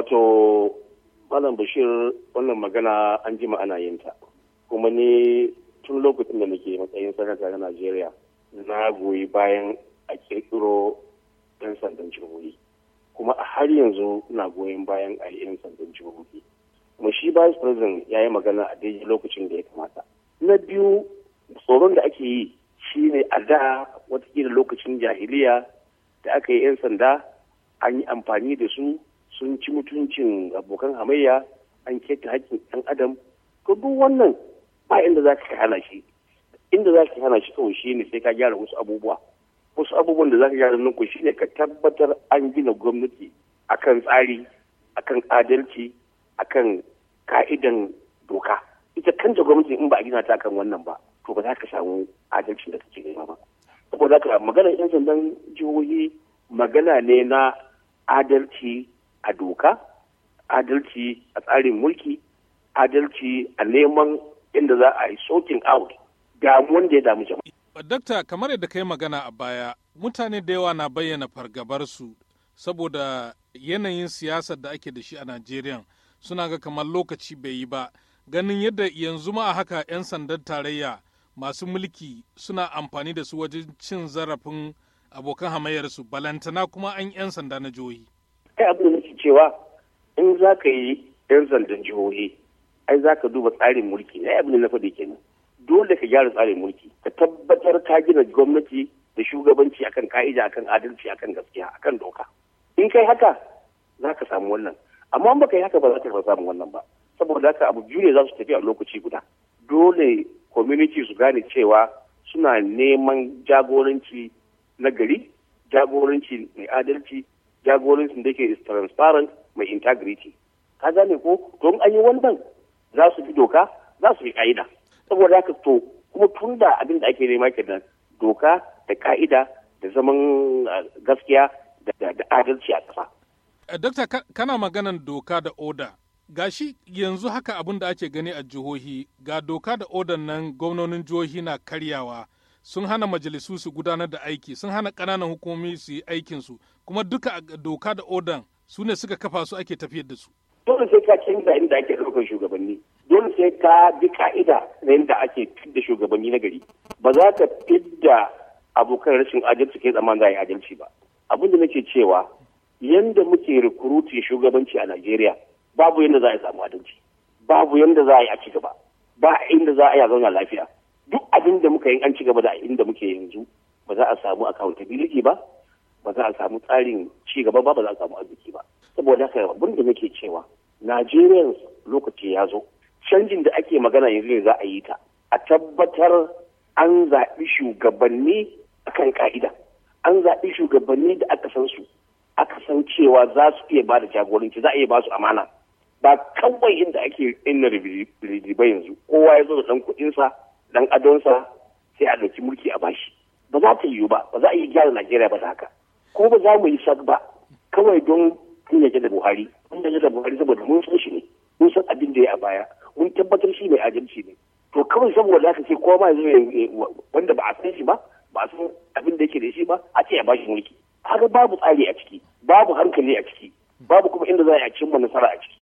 wato malam bashir wannan magana an ji ma'ana yin ta kuma ni tun lokacin da nake matsayin sarrafa na najeriya na goyi bayan a kirkiro yan sandan jihohi kuma a har yanzu na goyon bayan a yan sandan jihohi kuma shi vice president ya yi magana a daidai lokacin da ya kamata na biyu tsoron da ake yi shine a da watakila lokacin jahiliya da aka yi yan sanda an yi amfani da su sun ci mutuncin abokan hamayya an keta haƙƙin ɗan adam to duk wannan ba inda za ka hana shi inda za ka hana shi kawai shi ne sai ka gyara wasu abubuwa wasu abubuwan da za ka gyara nan ku shi ne ka tabbatar an gina gwamnati akan tsari akan adalci akan ka'idan doka ita kanta gwamnati in ba a gina ta akan wannan ba to ba za ka samu adalcin da kake nema ba saboda haka magana yan sandan jihohi magana ne na adalci a doka adalci a tsarin mulki adalci a neman inda za a yi sokin out ga da ya damu jama'a. Dakta kamar yadda kai magana a baya mutane da yawa na bayyana fargabarsu saboda yanayin siyasar da ake da shi a Najeriya suna ga kamar lokaci bai yi ba ganin yadda yanzu ma a haka 'yan sandan tarayya masu mulki suna amfani da su wajen cin zarafin abokan hamayyarsu balantana kuma an 'yan sanda na jihohi. Kai abin cewa in za ka yi 'yan sandan jihohi ai za ka duba tsarin mulki na abin na faɗi kenan dole ka gyara tsarin mulki ka tabbatar ka gina gwamnati da shugabanci akan ka'ida akan adalci akan gaskiya akan doka in kai haka za ka samu wannan amma baka yi haka ba za ka samu wannan ba saboda haka abu biyu ne za su tafi a lokaci guda dole community su gane cewa suna neman jagoranci na gari jagoranci mai adalci jagorancin da ke is transparent mai integrity ka gane ko don an yi wannan za su bi doka za su bi ka'ida saboda haka to kuma tun da abin da ake nema kenan doka da ka'ida da zaman gaskiya da adalci a ƙasa. Eh, dokta kana maganan doka da oda gashi yanzu haka abin da ake gani a jihohi ga doka da odan nan gwamnonin jihohi na karyawa sun hana majalisu su gudanar da aiki sun hana ƙananan hukumomi su yi aikinsu kuma duka doka da odan su ne suka kafa su ake tafiyar da su. dole sai ka canza inda ake ɗaukar shugabanni dole sai ka bi ka'ida na inda ake fidda shugabanni na gari ba za ka fidda abokan rashin adalci kai zaman za a yi adalci ba abin da nake cewa yadda muke rikurutin shugabanci a najeriya babu yanda za a yi samu adalci babu yanda za a yi a ci gaba ba inda za a yi a zauna lafiya abin da muka yi an ci gaba da inda muke yanzu ba za a samu accountability ba ba za a samu tsarin ci gaba ba ba za a samu arziki ba saboda haka abin da muke cewa Najeriya lokaci ya zo canjin da ake magana yanzu ne za a yi ta a tabbatar an zaɓi shugabanni akan ka'ida an zaɓi shugabanni da aka san su aka san cewa za su iya ba da jagoranci za a iya ba su amana ba kawai inda ake inna ba yanzu kowa ya zo da ɗan kuɗinsa dan adonsa sai a ɗauki mulki a bashi ba za ta yiwu ba ba za a yi gyara najeriya ba da haka ko ba za mu yi sak ba kawai don kun yaje da buhari kun yaje da buhari saboda mun san shi ne mun san abin da ya a baya mun tabbatar shi mai adalci ne to kawai saboda haka ce kowa ma wanda ba a san shi ba ba a san abin da yake da shi ba a ce a bashi mulki haka babu tsari a ciki babu hankali a ciki babu kuma inda za a cimma nasara a ciki